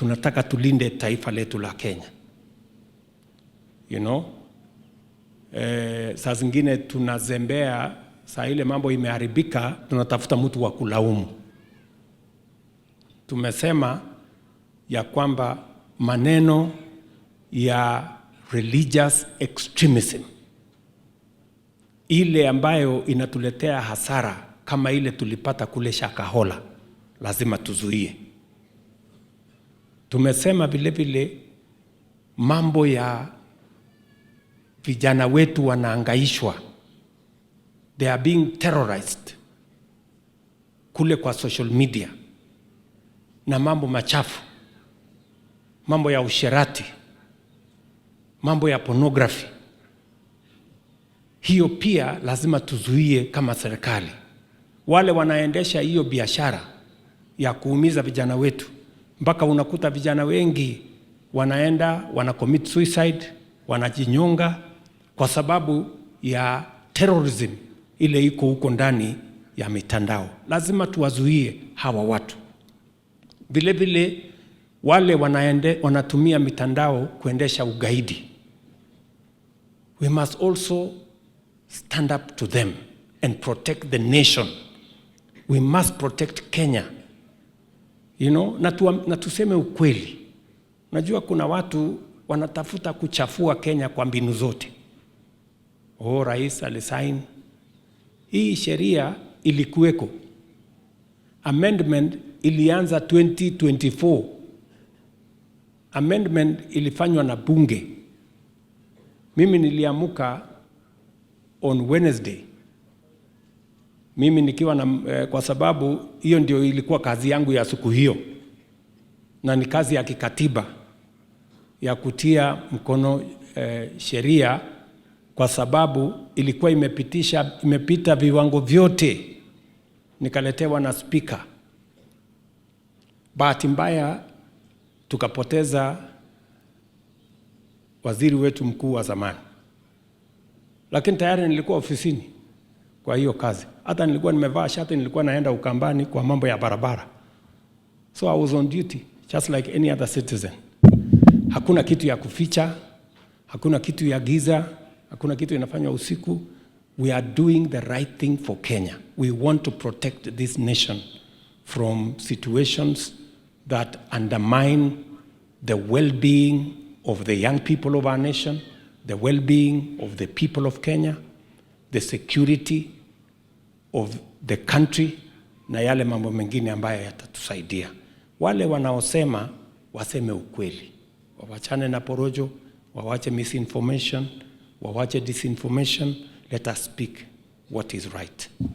tunataka tulinde taifa letu la Kenya you know? E, saa zingine tunazembea, saa ile mambo imeharibika, tunatafuta mtu wa kulaumu. Tumesema ya kwamba maneno ya religious extremism ile ambayo inatuletea hasara kama ile tulipata kule Shakahola lazima tuzuie. Tumesema vilevile mambo ya vijana wetu wanaangaishwa, they are being terrorized kule kwa social media na mambo machafu, mambo ya usherati, mambo ya pornography. Hiyo pia lazima tuzuie kama serikali, wale wanaendesha hiyo biashara ya kuumiza vijana wetu mpaka unakuta vijana wengi wanaenda wana commit suicide, wanajinyonga kwa sababu ya terrorism ile iko huko ndani ya mitandao. Lazima tuwazuie hawa watu. Vilevile wale wanaende, wanatumia mitandao kuendesha ugaidi, we must also stand up to them and protect the nation. We must protect Kenya you know, na, tu, na tuseme ukweli. Najua kuna watu wanatafuta kuchafua Kenya kwa mbinu zote. Oh, rais alisaini hii sheria, ilikuweko amendment, ilianza 2024 amendment ilifanywa na bunge. Mimi niliamuka on Wednesday mimi nikiwa na eh, kwa sababu hiyo ndio ilikuwa kazi yangu ya siku hiyo, na ni kazi ya kikatiba ya kutia mkono eh, sheria, kwa sababu ilikuwa imepitisha imepita viwango vyote, nikaletewa na spika. Bahati mbaya tukapoteza waziri wetu mkuu wa zamani, lakini tayari nilikuwa ofisini kwa hiyo kazi. Hata nilikuwa nimevaa shati, nilikuwa naenda Ukambani kwa mambo ya barabara, so I was on duty just like any other citizen. Hakuna kitu ya kuficha, hakuna kitu ya giza, hakuna kitu inafanywa usiku. We are doing the right thing for Kenya. We want to protect this nation from situations that undermine the well-being of the young people of our nation, the well-being of the people of Kenya the security of the country na yale mambo mengine ambayo yatatusaidia. Wale wanaosema waseme ukweli, wawachane na porojo, wawache misinformation, wawache disinformation. Let us speak what is right.